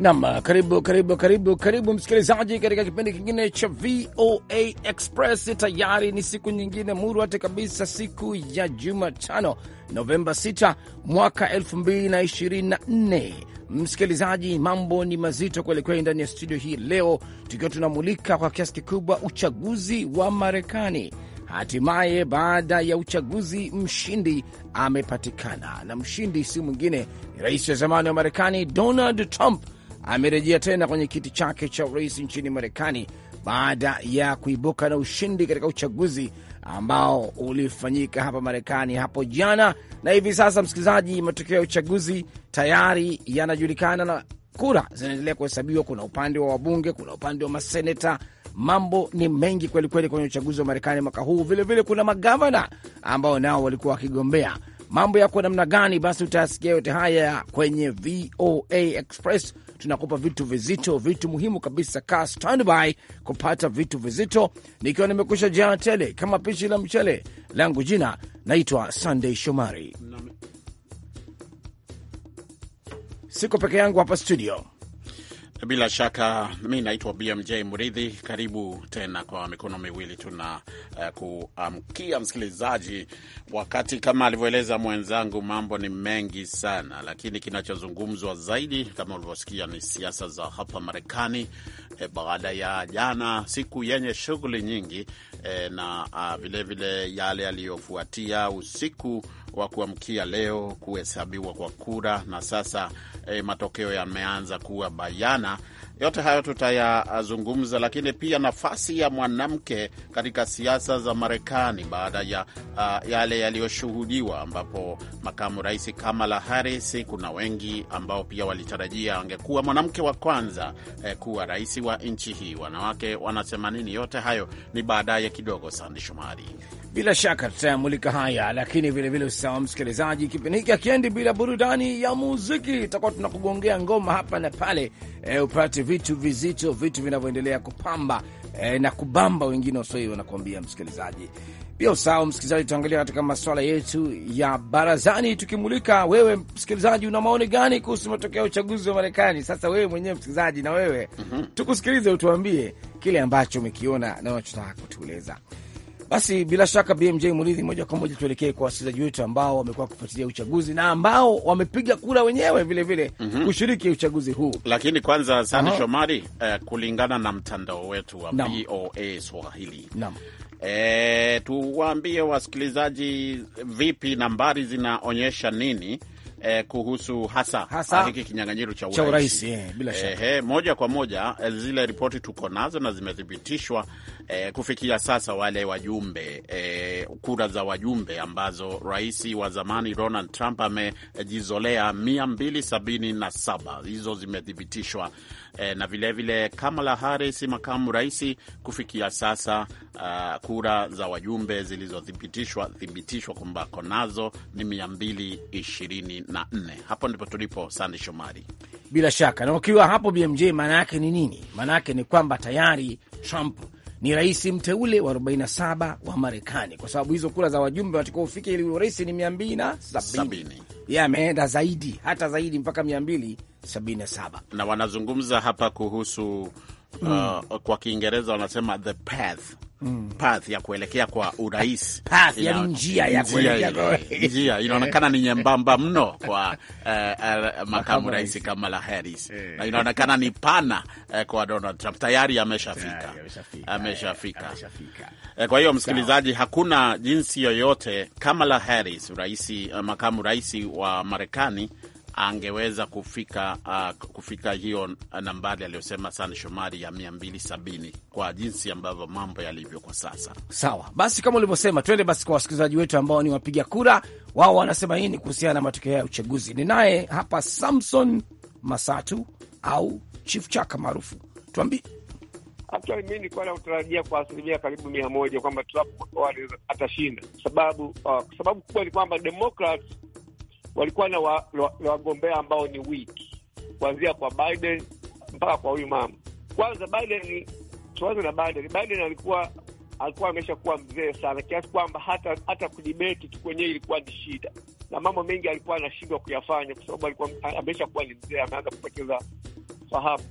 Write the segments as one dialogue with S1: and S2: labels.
S1: Nam, uh, karibu karibu karibu karibu msikilizaji, katika kipindi kingine cha VOA Express. Tayari ni siku nyingine murwate kabisa, siku ya Jumatano, Novemba 6 mwaka 2024. Msikilizaji, mambo ni mazito kwelikweli ndani ya studio hii leo, tukiwa tunamulika kwa kiasi kikubwa uchaguzi wa Marekani. Hatimaye baada ya uchaguzi mshindi amepatikana, na mshindi si mwingine ni rais wa zamani wa Marekani Donald Trump amerejea tena kwenye kiti chake cha urais nchini Marekani baada ya kuibuka na ushindi katika uchaguzi ambao ulifanyika hapa Marekani hapo jana, na hivi sasa, msikilizaji, matokeo ya uchaguzi tayari yanajulikana na kura zinaendelea kuhesabiwa. Kuna upande wa wabunge, kuna upande wa maseneta. Mambo ni mengi kwelikweli kwenye uchaguzi wa Marekani mwaka huu. Vilevile vile kuna magavana ambao nao walikuwa wakigombea. Mambo yako namna gani? Basi utayasikia yote haya kwenye VOA Express tunakupa vitu vizito, vitu muhimu kabisa. Kaa standby kupata vitu vizito, nikiwa nimekusha jaa tele kama pishi la mchele langu. Jina naitwa Sunday Shomari, siko peke yangu hapa studio
S2: bila shaka mi naitwa BMJ Mridhi. Karibu tena kwa mikono miwili, tuna uh, kuamkia msikilizaji, wakati kama alivyoeleza mwenzangu, mambo ni mengi sana, lakini kinachozungumzwa zaidi kama ulivyosikia ni siasa za hapa Marekani eh, baada ya jana, siku yenye shughuli nyingi eh, na vilevile ah, uh, vile yale yaliyofuatia usiku wa kuamkia leo kuhesabiwa kwa kura, na sasa eh, matokeo yameanza kuwa bayana yote hayo tutayazungumza, lakini pia nafasi ya mwanamke katika siasa za Marekani baada ya uh, yale yaliyoshuhudiwa, ambapo makamu rais Kamala Harris, kuna wengi ambao pia walitarajia angekuwa mwanamke wa kwanza eh, kuwa rais wa nchi hii. Wanawake wanasema nini? Yote hayo ni baadaye kidogo. Sande Shomari.
S1: Bila shaka tutayamulika haya, lakini vilevile usisahau msikilizaji, kipindi hiki akiendi bila burudani ya muziki. itakuwa tunakugongea ngoma hapa na pale, e, upate vitu vizito, vitu vinavyoendelea kupamba e, na kubamba, wengine wasoi wanakuambia msikilizaji. Pia usahau msikilizaji, tutaangalia katika maswala yetu ya barazani, tukimulika wewe msikilizaji, una maoni gani kuhusu matokeo ya uchaguzi wa Marekani? Sasa wewe mwenyewe msikilizaji, na wewe mm -hmm. tukusikilize, utuambie kile ambacho umekiona na unachotaka kutueleza. Basi bila shaka BMJ Muridhi, moja kwa moja tuelekee kwa wasikilizaji wetu ambao wamekuwa kufuatilia uchaguzi na ambao wamepiga kura wenyewe vilevile vile, mm -hmm. kushiriki uchaguzi huu.
S2: Lakini kwanza sani Shomari, eh, kulingana na mtandao wetu wa VOA Swahili Nam. Eh, tuwaambie wasikilizaji vipi nambari zinaonyesha nini eh, kuhusu hasa, hasa eh, hiki kinyang'anyiro cha urais
S1: eh, bila eh, shaka
S2: eh, moja kwa moja eh, zile ripoti tuko nazo na zimethibitishwa eh, kufikia sasa wale wajumbe eh, kura za wajumbe ambazo rais wa zamani Donald Trump amejizolea mia mbili sabini na saba hizo zimethibitishwa e, na vilevile vile Kamala Harris, makamu raisi. Kufikia sasa uh, kura za wajumbe zilizothibitishwa thibitishwa kwamba konazo ni 224. Hapo ndipo tulipo,
S1: Sande Shomari. Bila shaka, na ukiwa hapo BMJ, maana yake ni nini? Maana yake ni kwamba tayari Trump ni rais mteule wa 47 wa Marekani, kwa sababu hizo kura za wajumbe wanatakiwa ili urais ni 270 ameenda zaidi hata zaidi mpaka 277
S2: na wanazungumza hapa kuhusu mm. uh, kwa Kiingereza wanasema the path Mm. Path ya kuelekea kwa urais njia inaonekana ni nyembamba mno kwa uh, uh, makamu rais Kamala Harris yeah. na inaonekana ni pana uh, kwa Donald Trump tayari ameshafika ameshafika. Eh, eh, kwa hiyo msikilizaji, hakuna jinsi yoyote Kamala Harris rais, uh, makamu rais wa Marekani angeweza kufika uh, kufika hiyo nambari aliyosema San Shomari ya 270 kwa jinsi ambavyo mambo yalivyo kwa sasa.
S1: Sawa basi, kama ulivyosema, twende basi kwa wasikilizaji wetu ambao ni wapiga kura, wao wanasema nini kuhusiana na matokeo ya uchaguzi. Ni naye hapa Samson Masatu au Chief Chaka maarufu, tuambie.
S3: Actually mi nilikuwa nautarajia kwa asilimia karibu mia moja kwamba Trump atashinda, sababu uh, sababu kubwa ni kwamba Democrats walikuwa na wagombea wa, wa ambao ni wiki kuanzia kwa Biden mpaka kwa huyu mama. Kwanza Biden, tuanze na Biden. Biden alikuwa alikuwa kuwa mzee sana kiasi kwamba hata hata kudibeti tu kwenyewe ilikuwa ni shida, na mambo mengi alikuwa anashindwa kuyafanya kwa sababu alikuwa kuwa ni mzee, ameanza kupoteza fahamu.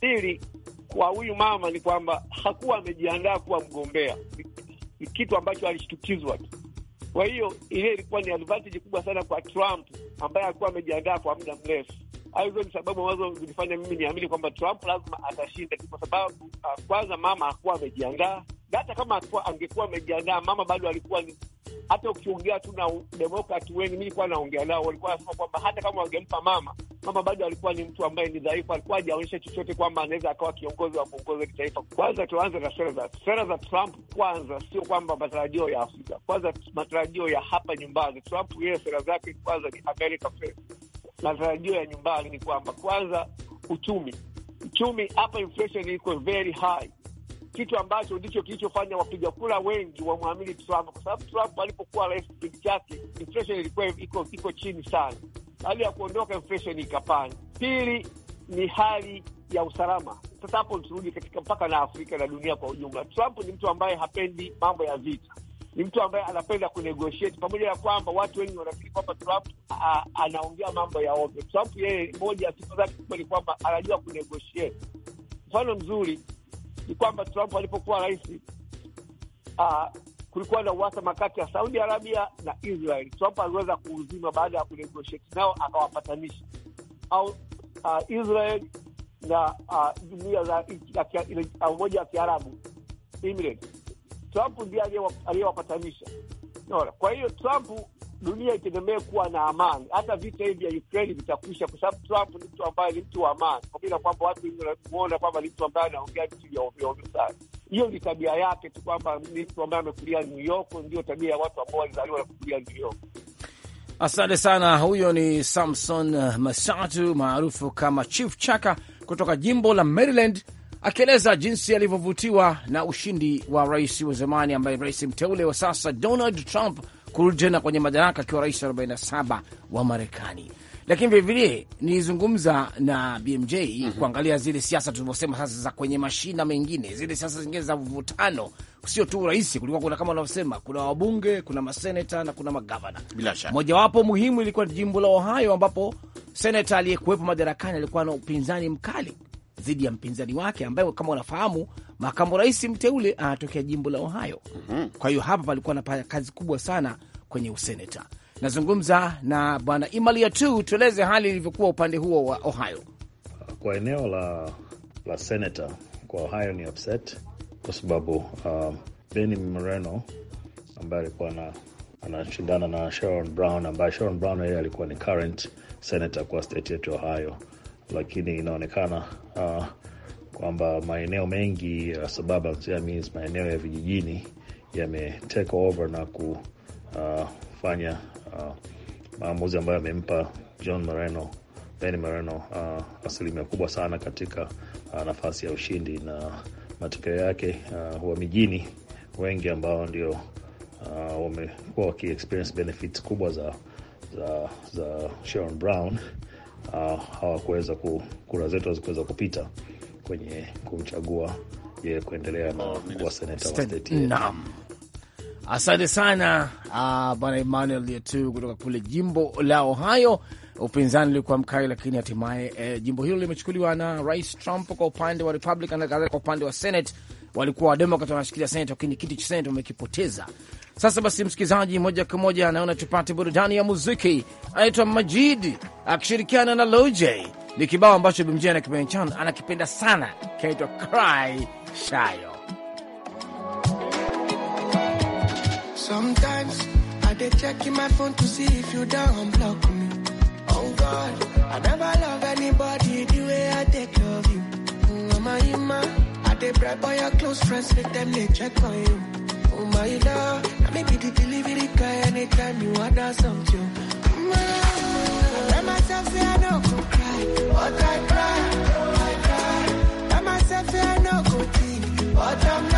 S3: Pili, kwa huyu mama ni kwamba hakuwa amejiandaa kuwa mgombea, ni kitu ambacho alishtukizwa tu kwa hiyo ile ilikuwa ni advantage kubwa sana kwa Trump ambaye alikuwa amejiandaa kwa muda mrefu. Hizo ni sababu ambazo zilifanya mimi niamini kwamba Trump lazima atashinda, kwa sababu ah, kwanza, mama hakuwa amejiandaa. Hata kama angekuwa amejiandaa, mama bado alikuwa ni hata ukiongea tu na Demokrat wengi, mi nilikuwa naongea nao, walikuwa wanasema kwamba hata kama wangempa mama mama bado alikuwa ni mtu ambaye ni dhaifu, alikuwa hajaonyesha chochote kwamba anaweza akawa kiongozi wa kuongoza kitaifa. Kwanza tuanze na sera za sera za Trump kwanza, sio kwamba matarajio ya Afrika kwanza, matarajio ya hapa nyumbani. Trump yeye sera zake kwanza ni America first. Matarajio ya nyumbani ni kwamba kwanza uchumi, uchumi hapa inflation iko very high kitu ambacho ndicho kilichofanya wapiga kura wengi wamwamini Trump kwa sababu Trump alipokuwa rais, kipindi chake inflation ilikuwa iko chini sana hali ya kuondoka inflation ikapanda. Pili ni hali ya usalama. Sasa hapo turudi katika mpaka na Afrika na dunia kwa ujumla. Trump ni mtu ambaye hapendi mambo ya vita, ni mtu ambaye anapenda kunegotiate, pamoja na kwamba watu wengi wanafikiri kwamba Trump anaongea mambo ya ovyo. Trump yeye, moja ya sifa zake kubwa ni kwamba anajua kunegotiate. Mfano mzuri ni kwamba Trump alipokuwa rais, kulikuwa na uhasama kati ya Saudi Arabia na Israel. Trump aliweza kuuzima baada ya kunegosheti nao akawapatanisha au uh, Israel na uh, jumuia za uh, umoja wa Kiarabu, Emirates. Trump ndiye aliyewapatanisha. Naona kwa hiyo Trump, dunia itegemee kuwa na amani. Hata vita hivi vya Ukraine vitakwisha, kwa sababu Trump ni mtu ambaye ni mtu wa amani, kwa bila kwamba watu wanamuona kwamba ni mtu ambaye anaongea vitu vya ovyo ovyo sana. Hiyo ni tabia yake tu, kwamba mtu ambaye amekulia New York, ndio tabia ya watu ambao walizaliwa na kukulia New York.
S1: Asante sana. Huyo ni Samson uh, Masatu maarufu kama Chief Chaka kutoka jimbo la Maryland akieleza jinsi alivyovutiwa na ushindi wa rais wa zamani ambaye rais mteule wa sasa Donald Trump kurudi tena kwenye madaraka akiwa rais 47 wa Marekani lakini vilevile nilizungumza na BMJ mm -hmm. kuangalia zile siasa tulivyosema sasa za kwenye mashina mengine, zile siasa zingine za mvutano, sio tu urais. Kulikuwa kuna kama unavyosema, kuna wabunge, kuna maseneta na kuna magavana. Bila shaka mojawapo muhimu ilikuwa jimbo la Ohio, ambapo seneta aliyekuwepo madarakani alikuwa na upinzani mkali dhidi ya mpinzani wake ambaye kama unafahamu makamu rais mteule anatokea jimbo la Ohio. mm -hmm. Kwa hiyo hapa palikuwa na kazi kubwa sana kwenye useneta Nazungumza na Bwana Imalia tu, tueleze hali ilivyokuwa upande huo wa Ohio.
S2: Kwa eneo la la senata kwa Ohio ni upset kwa sababu uh, um, Beni Moreno ambaye alikuwa anashindana na Sharon Brown ambaye Sharon Brown yeye alikuwa ni current senator kwa state
S3: yetu Ohio, lakini inaonekana uh, kwamba maeneo mengi ya uh, means maeneo ya vijijini yame take over na
S2: kufanya uh, Ah, maamuzi ambayo amempa John Moreno, Ben Moreno uh, asilimia kubwa sana katika uh, nafasi ya ushindi, na matokeo yake uh, wa mijini wengi ambao ndio uh, wamekuwa wakiexperience benefits kubwa za, za, za Sharon Brown uh, hawakuweza ku, kura zetu hazikuweza kupita kwenye kumchagua
S3: yeye kuendelea na oh, kuwa seneta wa
S1: state. Naam. Asante sana ah, bwana Emmanuel Lietu kutoka kule jimbo la Ohio. Upinzani ulikuwa mkali, lakini hatimaye eh, jimbo hilo limechukuliwa na Rais Trump kwa upande wa Republican na kadhalika. Kwa upande wa Senate walikuwa Wademokrat wanashikilia Senate, lakini kiti cha Senate wamekipoteza. Sasa basi, msikilizaji, moja kwa moja anaona tupate burudani ya muziki. Anaitwa Majid akishirikiana na Loj ni kibao ambacho Bimjia na Kipenchan anakipenda sana, kinaitwa Cry Shayo.
S4: Sometimes I be checking my phone to see if you don't block me. Oh God, I never love anybody the way I take love you. Oh my human, I dey bribe all your close friends, make them they check on you. Oh my love, I may be the delivery guy anytime you want something. Mm, I tell myself say I do go cry, but I cry, oh I cry. Tell myself say I do go think, but I'm not.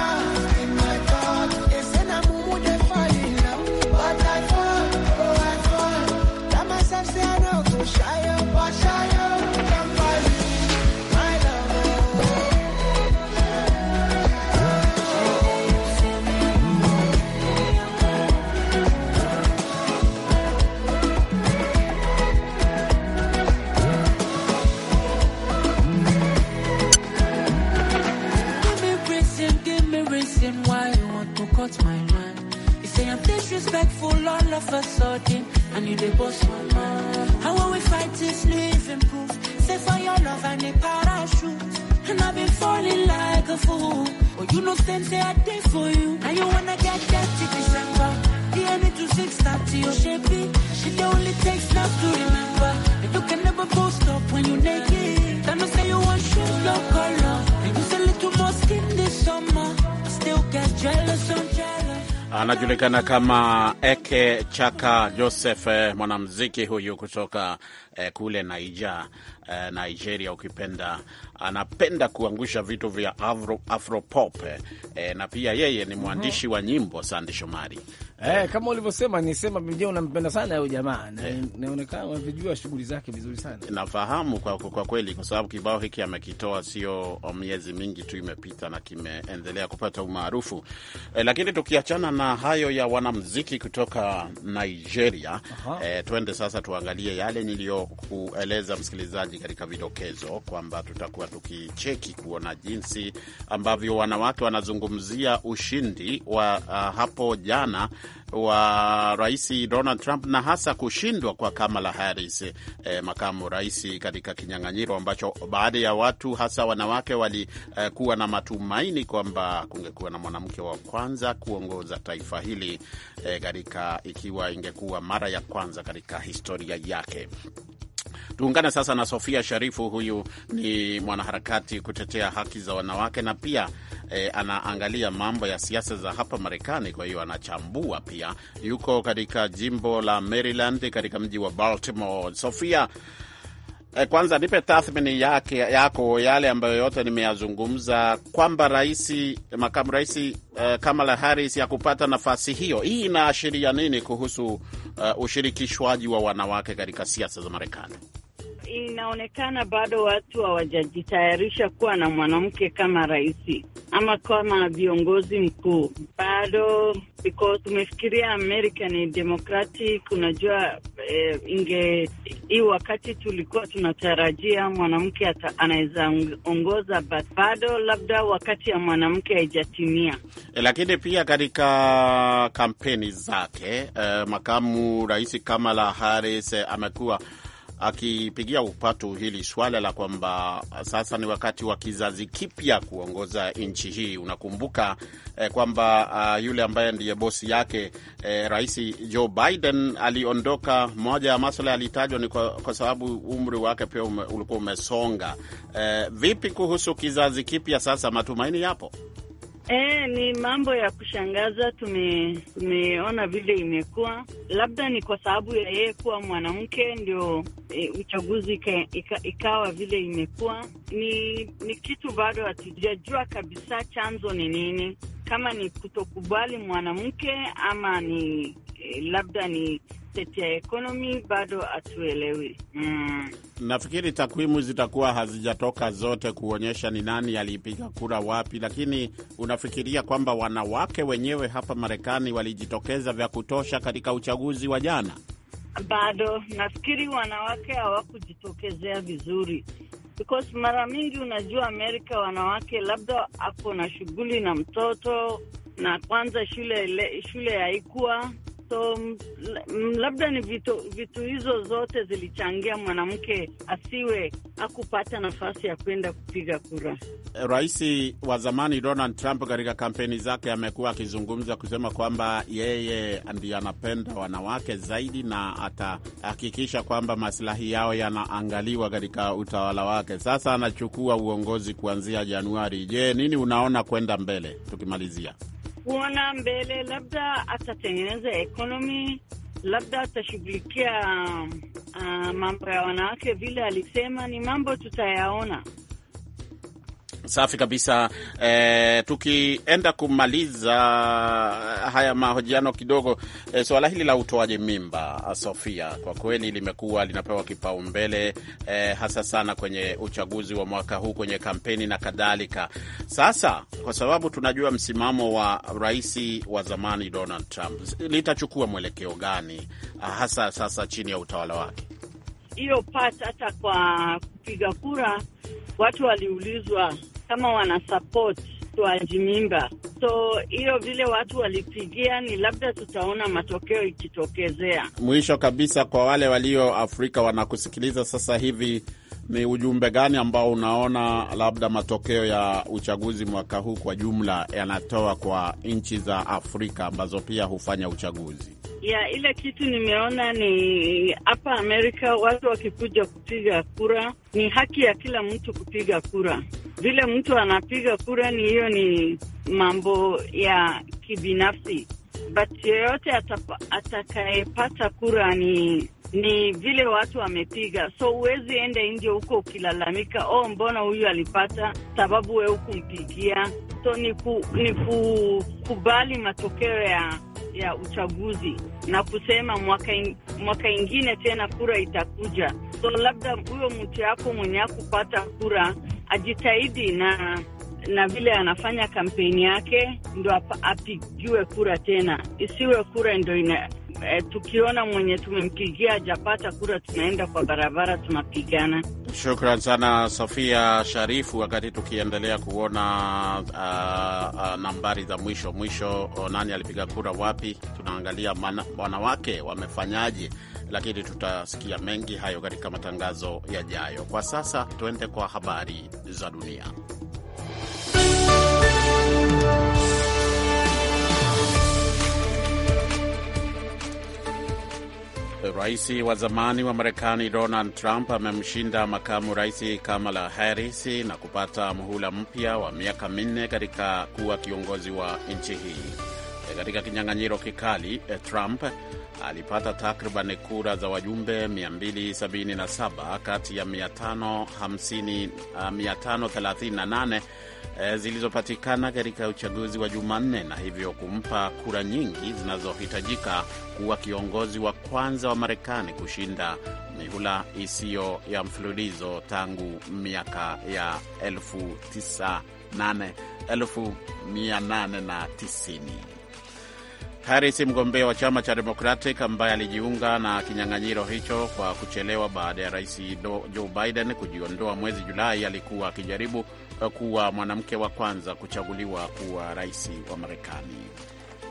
S5: respectful, all of a sudden. And you the boss, mind. How will we fight this living proof? Say for your love and a parachute. And I've been falling like a fool. But oh, you know, stand say I did for you. Now you wanna get dirty December. The enemy to six stop to your shaping. She the only takes love to remember. And you can never post up when you naked. Then you say you want shoes, no color. And you a little more skin this summer. I still get jealous, I'm jealous.
S2: anajulikana kama Eke Chaka Joseph, eh, mwanamuziki huyu kutoka eh, kule naija eh, Nigeria ukipenda, anapenda kuangusha vitu vya afro, eh, eh, na pia yeye ni mwandishi mhm. wa nyimbo. Sande Shomari
S1: Eh, eh, kama ulivyosema nisema mje unampenda sana huyo jamaa na eh. inaonekana yeah, unavijua shughuli zake vizuri sana.
S2: Nafahamu kwa, kwa, kwa kweli kwa sababu kibao hiki amekitoa sio miezi mingi tu imepita na kimeendelea kupata umaarufu. Eh, lakini tukiachana na hayo ya wanamuziki kutoka Nigeria, eh, twende sasa tuangalie yale niliyokueleza msikilizaji katika vidokezo kwamba tutakuwa tukicheki kuona jinsi ambavyo wanawake wanazungumzia ushindi wa uh, hapo jana wa Rais Donald Trump na hasa kushindwa kwa Kamala Harris, eh, makamu rais, katika kinyang'anyiro ambacho baadhi ya watu hasa wanawake walikuwa eh, na matumaini kwamba kungekuwa na mwanamke wa kwanza kuongoza taifa hili eh, ikiwa ingekuwa mara ya kwanza katika historia yake. Tuungane sasa na Sofia Sharifu. Huyu ni mwanaharakati kutetea haki za wanawake na pia e, anaangalia mambo ya siasa za hapa Marekani, kwa hiyo anachambua pia. Yuko katika jimbo la Maryland katika mji wa Baltimore. Sofia, Eh, kwanza nipe tathmini yake yako yale ambayo yote nimeyazungumza, kwamba raisi, makamu raisi eh, Kamala Harris ya kupata nafasi hiyo, hii inaashiria nini kuhusu uh, ushirikishwaji wa wanawake katika siasa za Marekani?
S6: inaonekana bado watu hawajajitayarisha kuwa na mwanamke kama rais ama kama viongozi mkuu bado, because tumefikiria ni Democratic. Unajua eh, inge hii wakati tulikuwa tunatarajia mwanamke anaweza ongoza, but bado labda wakati ya mwanamke haijatimia.
S2: E, lakini pia katika kampeni zake eh, makamu rais Kamala Harris eh, amekuwa akipigia upatu hili swala la kwamba sasa ni wakati wa kizazi kipya kuongoza nchi hii. Unakumbuka eh, kwamba uh, yule ambaye ndiye bosi yake eh, Rais Joe Biden aliondoka. Moja ya maswala yalitajwa ni kwa, kwa sababu umri wake pia ulikuwa umesonga. Eh, vipi kuhusu kizazi kipya sasa, matumaini yapo?
S6: E, ni mambo ya kushangaza. Tume, tumeona vile imekuwa, labda ni kwa sababu ya yeye kuwa mwanamke ndio e, uchaguzi ika, ika, ikawa vile imekuwa. Ni, ni kitu bado hatujajua kabisa chanzo ni nini kama ni kutokubali mwanamke ama ni eh, labda ni ya ekonomi bado hatuelewi. Mm. Nafikiri
S2: takwimu zitakuwa hazijatoka zote kuonyesha ni nani alipiga kura wapi, lakini unafikiria kwamba wanawake wenyewe hapa Marekani walijitokeza vya kutosha katika uchaguzi wa jana?
S6: Bado nafikiri wanawake hawakujitokezea vizuri, because mara mingi unajua Amerika wanawake labda ako na shughuli na mtoto na kwanza shule shule haikuwa So labda ni vitu, vitu hizo zote zilichangia mwanamke asiwe akupata nafasi ya kwenda kupiga kura.
S2: Rais wa zamani Donald Trump katika kampeni zake amekuwa akizungumza kusema kwamba yeye ndiye anapenda wanawake zaidi na atahakikisha kwamba masilahi yao yanaangaliwa katika utawala wake. Sasa anachukua uongozi kuanzia Januari. Je, nini unaona kwenda mbele tukimalizia?
S6: kuona mbele, labda atatengeneza ekonomi, labda atashughulikia uh, mambo ya wanawake vile alisema, ni mambo tutayaona.
S2: Safi kabisa. E, tukienda kumaliza eh, haya mahojiano kidogo, e, eh, suala hili la utoaji mimba, ah, Sofia, kwa kweli limekuwa linapewa kipaumbele e, hasa sana kwenye uchaguzi wa mwaka huu, kwenye kampeni na kadhalika. Sasa kwa sababu tunajua msimamo wa rais wa zamani Donald Trump, litachukua mwelekeo gani ah, hasa sasa chini ya utawala wake?
S6: Hiyo pat hata kwa kupiga kura watu waliulizwa kama wana support utoaji mimba. So hiyo vile watu walipigia ni labda tutaona matokeo ikitokezea.
S2: Mwisho kabisa, kwa wale walio Afrika wanakusikiliza sasa hivi, ni ujumbe gani ambao unaona labda matokeo ya uchaguzi mwaka huu kwa jumla yanatoa kwa nchi za Afrika ambazo pia hufanya uchaguzi?
S6: ya ile kitu nimeona ni hapa Amerika watu wakikuja kupiga kura, ni haki ya kila mtu kupiga kura. Vile mtu anapiga kura, ni hiyo ni mambo ya kibinafsi, but yeyote atakayepata kura ni ni vile watu wamepiga, so huwezi enda nje huko ukilalamika, oh, mbona huyu alipata, sababu wewe hukumpigia. So ni, ku, ni kukubali matokeo ya ya uchaguzi na kusema mwaka, in, mwaka ingine tena kura itakuja. So labda huyo mtu yako mwenye akupata kura ajitahidi na na vile anafanya kampeni yake ndo apigiwe kura tena, isiwe kura ndo ina eh, tukiona mwenye tumempigia ajapata kura, tunaenda kwa barabara tunapigana.
S2: Shukran sana sofia Sharifu. Wakati tukiendelea kuona uh, uh, nambari za mwisho mwisho, oh, nani alipiga kura wapi, tunaangalia wanawake wamefanyaje, lakini tutasikia mengi hayo katika matangazo yajayo. Kwa sasa tuende kwa habari za dunia. Rais wa zamani wa Marekani Donald Trump amemshinda makamu rais Kamala Harris na kupata muhula mpya wa miaka minne katika kuwa kiongozi wa nchi hii. Katika kinyang'anyiro kikali, eh, Trump alipata takriban kura za wajumbe 277 kati ya 538 eh, eh, zilizopatikana katika uchaguzi wa Jumanne na hivyo kumpa kura nyingi zinazohitajika kuwa kiongozi wa kwanza wa Marekani kushinda mihula isiyo ya mfululizo tangu miaka ya 1890. Harris, mgombea wa chama cha Democratic ambaye alijiunga na kinyang'anyiro hicho kwa kuchelewa baada ya rais Joe Biden kujiondoa mwezi Julai, alikuwa akijaribu uh, kuwa mwanamke wa kwanza kuchaguliwa kuwa rais wa Marekani.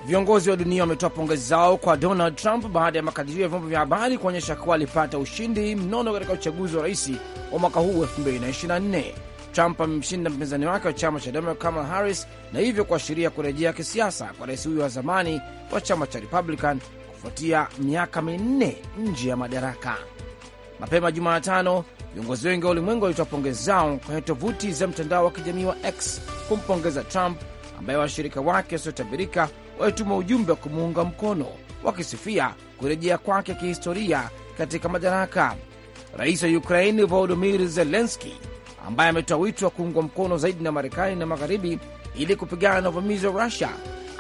S1: Viongozi wa dunia wametoa pongezi zao kwa Donald Trump baada ya makadirio ya vyombo vya habari kuonyesha kuwa alipata ushindi mnono katika uchaguzi wa rais wa mwaka huu 2024. Trump amemshinda mpinzani wake wa chama cha Democrat Kamala Harris na hivyo kuashiria kurejea kisiasa kwa rais huyo wa zamani wa chama cha Republican kufuatia miaka minne nje ya madaraka. Mapema Jumatano, viongozi wengi wa ulimwengu walitoa pongezi zao kwenye tovuti za mtandao wa kijamii wa X kumpongeza Trump, ambaye washirika wake wasiotabirika walituma ujumbe wa kumuunga mkono wakisifia kurejea kwake kihistoria katika madaraka. Rais wa Ukraini Volodimir Zelenski ambaye ametoa wito wa kuungwa mkono zaidi na Marekani na Magharibi ili kupigana na uvamizi wa Rusia,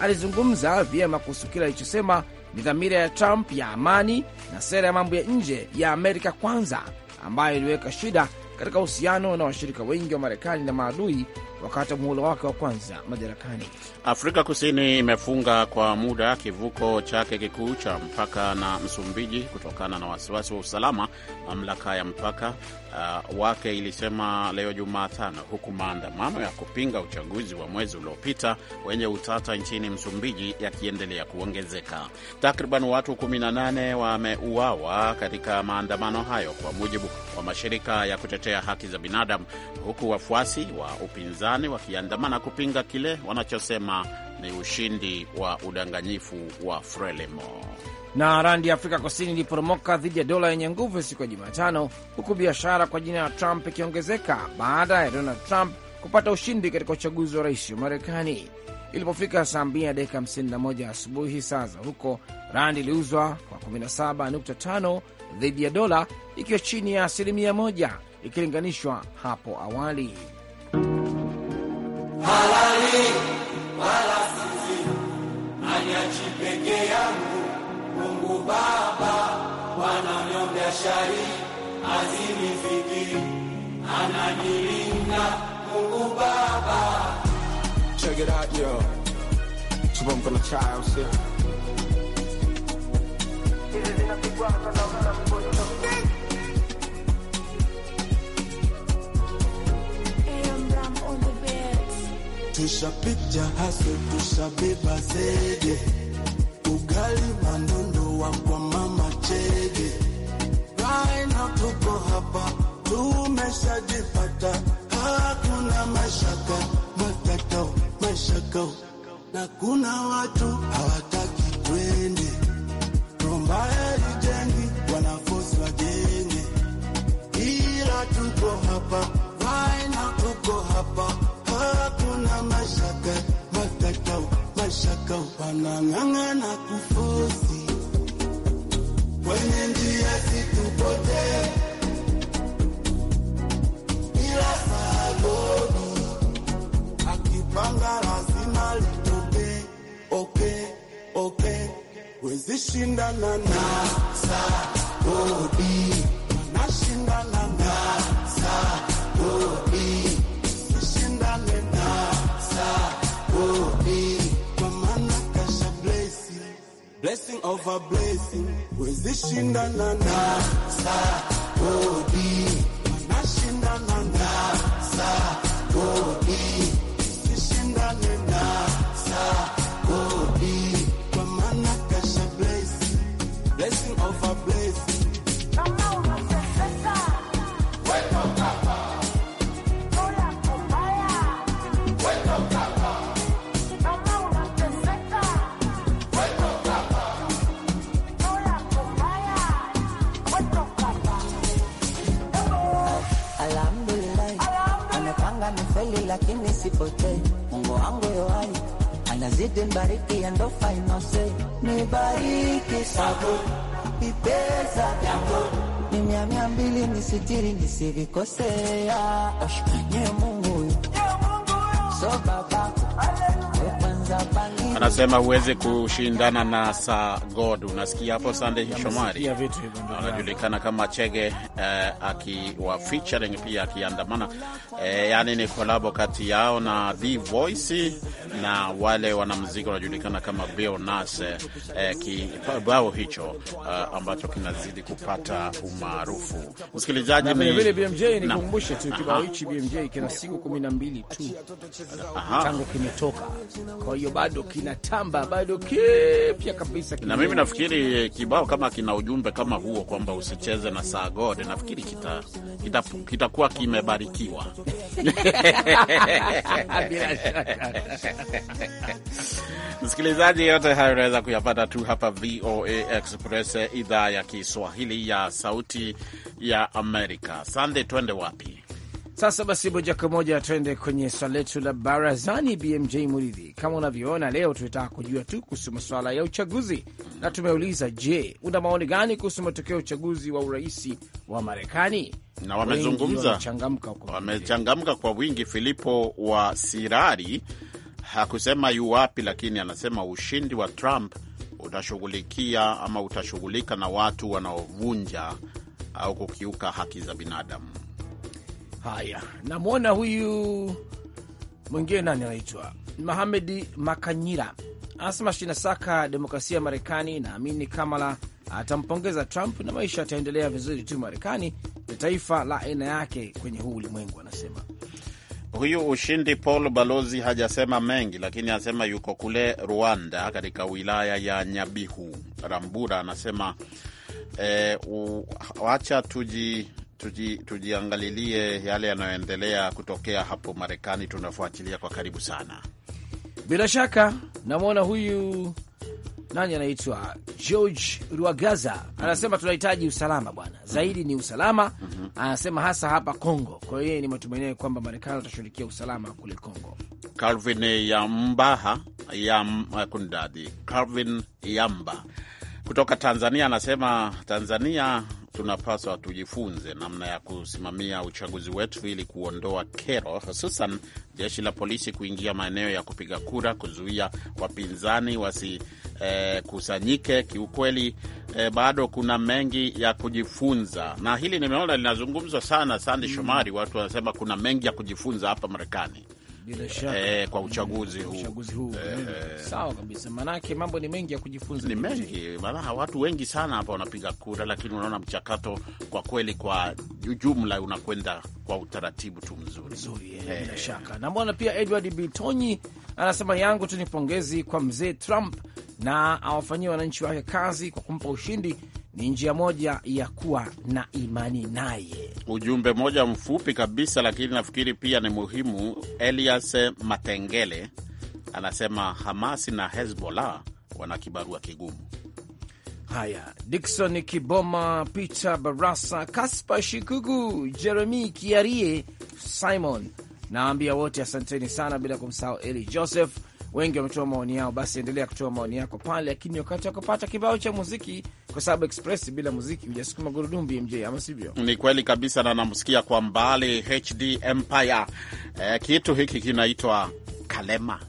S1: alizungumza vyema kuhusu kile alichosema ni dhamira ya Trump ya amani na sera ya mambo ya nje ya Amerika kwanza ambayo iliweka shida katika uhusiano na washirika wengi wa Marekani na maadui wakati wa muhula wake wa kwanza madarakani.
S2: Afrika Kusini imefunga kwa muda kivuko chake kikuu cha mpaka na Msumbiji kutokana na wasiwasi wa usalama, mamlaka ya mpaka uh, wake ilisema leo Jumatano, huku maandamano ya kupinga uchaguzi wa mwezi uliopita wenye utata nchini Msumbiji yakiendelea ya kuongezeka. Takriban watu 18 wameuawa katika maandamano hayo kwa mujibu wa mashirika ya kutetea haki za binadamu, huku wafuasi wa upinzani wakiandamana kupinga kile wanachosema ni ushindi wa udanganyifu wa Frelimo.
S1: Na randi ya Afrika Kusini iliporomoka dhidi ya dola yenye nguvu siku ya Jumatano, huku biashara kwa jina la Trump ikiongezeka baada ya Donald Trump kupata ushindi katika uchaguzi wa rais wa Marekani. Ilipofika saa 2 na dakika 51 asubuhi saa za huko, randi iliuzwa kwa 17.5 dhidi ya dola, ikiwa chini ya asilimia moja ikilinganishwa hapo awali Halali.
S4: Baba wananyonga shari azimi fikiri ananilinda Mungu Baba. Check it
S3: out, yo. Chibomkono chao sio
S4: tushapiga haso tushabeba zege ugali manduni kuwa kwa mama Chege. Raina tuko hapa tumeshajipata, hakuna mashaka, matakao mashakao na kuna watu hawa tunashindana nasa
S5: Sitiri nisivikosea, anasema
S2: huwezi kushindana na Sa God. Unasikia hapo, Sande Shomari
S1: anajulikana
S2: kama Chege eh, akiwa featuring pia akiandamana eh, yani ni kolabo kati yao na The Voice na wale wanamziki wanajulikana kama Billnass eh, kibao hicho eh, ambacho kinazidi kupata umaarufu. Msikilizaji vile BMJ, nikukumbushe tu kibao hichi
S1: BMJ kina siku 12 tu tangu kimetoka, kwa hiyo bado kina kinatamba bado kipya kabisa. Na mimi
S2: nafikiri kibao kama kina ujumbe kama huo kwamba usicheze na saa gode, nafikiri kitakuwa kita, kita kimebarikiwa bila shaka msikilizaji, yote hayo unaweza kuyapata tu hapa VOA Express, idhaa ya Kiswahili ya Sauti ya Amerika. Sande, twende
S1: wapi? Sasa basi, moja kwa moja tuende kwenye swala letu la barazani. BMJ Muridhi, kama unavyoona leo tunataka kujua tu kuhusu masuala ya uchaguzi na tumeuliza, je, una maoni gani kuhusu matokeo ya uchaguzi wa uraisi wa Marekani? Na wamezungumza, wamechangamka,
S2: wamechangamka kwa wingi. Filipo wa Sirari hakusema yu wapi, lakini anasema ushindi wa Trump utashughulikia ama utashughulika na watu wanaovunja au kukiuka haki za binadamu.
S1: Haya, namwona huyu mwingine, nani anaitwa Mahamedi Makanyira, anasema shinasaka demokrasia ya Marekani. Naamini Kamala atampongeza Trump na maisha yataendelea vizuri tu Marekani na taifa la aina yake kwenye huu ulimwengu, anasema
S2: huyu ushindi Paul balozi hajasema mengi, lakini anasema yuko kule Rwanda katika wilaya ya Nyabihu. Rambura anasema eh, wacha tuji tuji, tujiangalilie yale yanayoendelea kutokea hapo Marekani, tunafuatilia kwa karibu sana.
S1: Bila shaka namwona huyu nani anaitwa George ruagaza anasema tunahitaji usalama bwana, zaidi ni usalama. Mhm. Anasema hasa hapa congo Kwa hiyo yeye ni matumaini kwamba Marekani atashughulikia usalama kule Congo.
S2: Calvin Yambaha ya kundadi Calvin Yamba kutoka Tanzania anasema Tanzania tunapaswa tujifunze namna ya kusimamia uchaguzi wetu ili kuondoa kero, hususan jeshi la polisi kuingia maeneo ya kupiga kura, kuzuia wapinzani wasikusanyike. Eh, kiukweli eh, bado kuna mengi ya kujifunza, na hili nimeona linazungumzwa sana, Sandi mm. Shomari. Watu wanasema kuna mengi ya kujifunza hapa Marekani. Eh, eh, kwa uchaguzi huu,
S1: uchaguzi huu. Eh, eh. sawa kabisa, maanake mambo ni mengi ya kujifunza, ni mengi
S2: maana watu wengi sana hapa wanapiga kura, lakini unaona mchakato kwa kweli kwa jumla unakwenda kwa utaratibu tu mzuri mzuri, eh, eh. Bila
S1: shaka na pia Edward Bitonyi anasema yangu tu ni pongezi kwa mzee Trump na awafanyie wananchi wake kazi kwa kumpa ushindi ni njia moja ya kuwa na imani naye
S2: ujumbe mmoja mfupi kabisa, lakini nafikiri pia ni muhimu. Elias Matengele anasema Hamasi na Hezbollah wana kibarua kigumu.
S1: Haya, Dikson Kiboma, Peter Barasa, Kaspa Shikugu, Jeremi Kiarie, Simon naambia wote asanteni sana, bila kumsahau Eli Joseph wengi wametoa maoni yao. Basi endelea kutoa maoni yako pale, lakini wakati wa kupata kibao cha muziki, kwa sababu Express bila muziki hujasukuma gurudumu, BMJ ama sivyo?
S2: Ni kweli kabisa, na namsikia kwa mbali HD Empire. Eh, kitu hiki kinaitwa Kalema.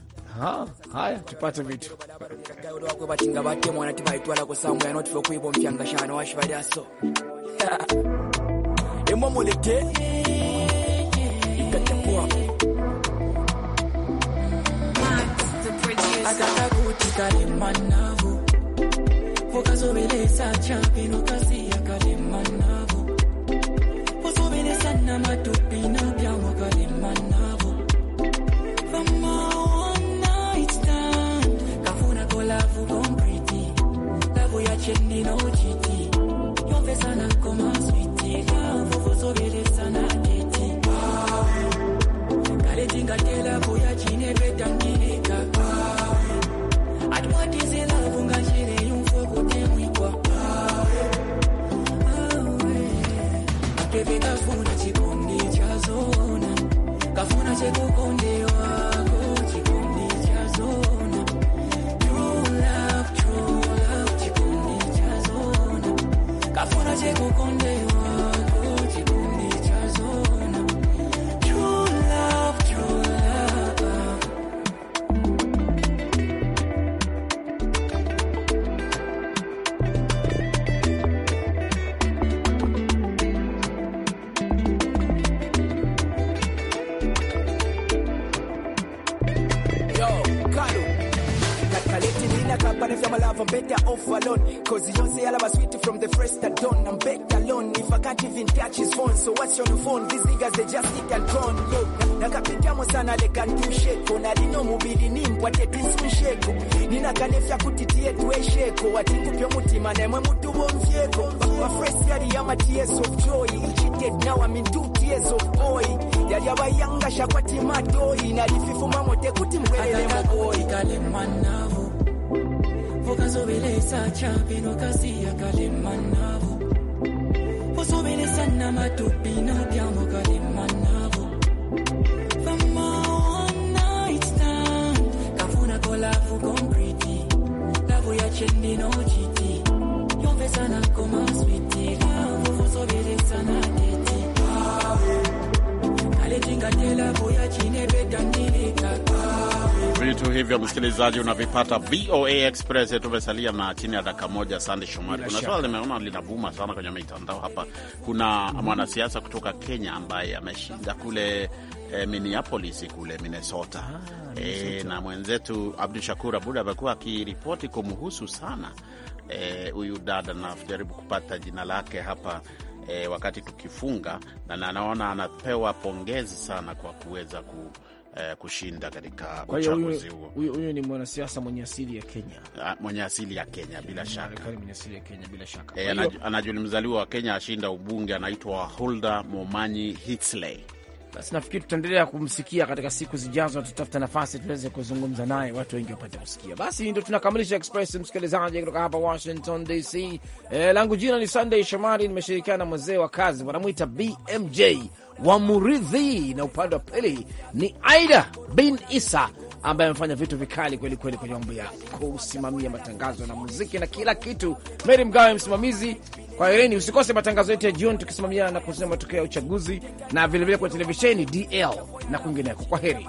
S5: haya tupate vitu kalemanavu vokazobelesa one night stand kafuna Kafuna chekukondewa
S4: ganefya kutitie twesheko watikupyo mutima nemwe mutu wonvyeko bafresi yali tears of joy ichided naw mindu tears of boy yali abayanga shakwati madoyi nalififuma mote kuti kale mwanavu
S5: mbwerele muboyi okazobelesa chapeno kasiya kalemanabo osobelesa namatupina byamo kalemanabo vamaona itna kafuna kolavu kompre Vitu
S2: hivyo msikilizaji, unavipata VOA Express. Tumesalia na chini ya dakika moja. Sande Shomari, kuna swala limeona linavuma sana kwenye mitandao hapa. Kuna mhm. mwanasiasa kutoka Kenya ambaye ameshinda kule eh, Minneapolis kule Minnesota. Ah, eh, na mwenzetu Abdu Shakur Abud amekuwa akiripoti kumhusu sana eh, huyu eh, dada, najaribu kupata jina lake hapa eh, wakati tukifunga, na naona anapewa pongezi sana kwa kuweza ku Eh, kushinda katika uchaguzi huo.
S1: Huyo ni mwanasiasa mwenye asili ya Kenya, ah, mwenye asili ya Kenya bila shaka, eh,
S2: anajua ni mzaliwa wa Kenya, ashinda ubunge, anaitwa Hulda Momanyi Hitsley.
S1: Basi nafikiri tutaendelea kumsikia katika siku zijazo, tutafuta nafasi tuweze kuzungumza naye, watu wengi wapate kusikia. Basi ndo tunakamilisha Express msikilizaji, kutoka hapa Washington DC. E, eh, langu jina ni Sunday Shomari, nimeshirikiana na mwezee wa kazi wanamwita BMJ wa Muridhi, na upande wa pili ni Aida bin Isa ambaye amefanya vitu vikali kweli kweli kwenye mambo ya kusimamia matangazo na muziki na kila kitu. Meri Mgawe msimamizi kwa hiyo ni usikose matangazo yetu ya jioni, tukisimamia na kusema matokeo ya uchaguzi na vilevile kwenye televisheni DL na kwingineko. Kwa heri.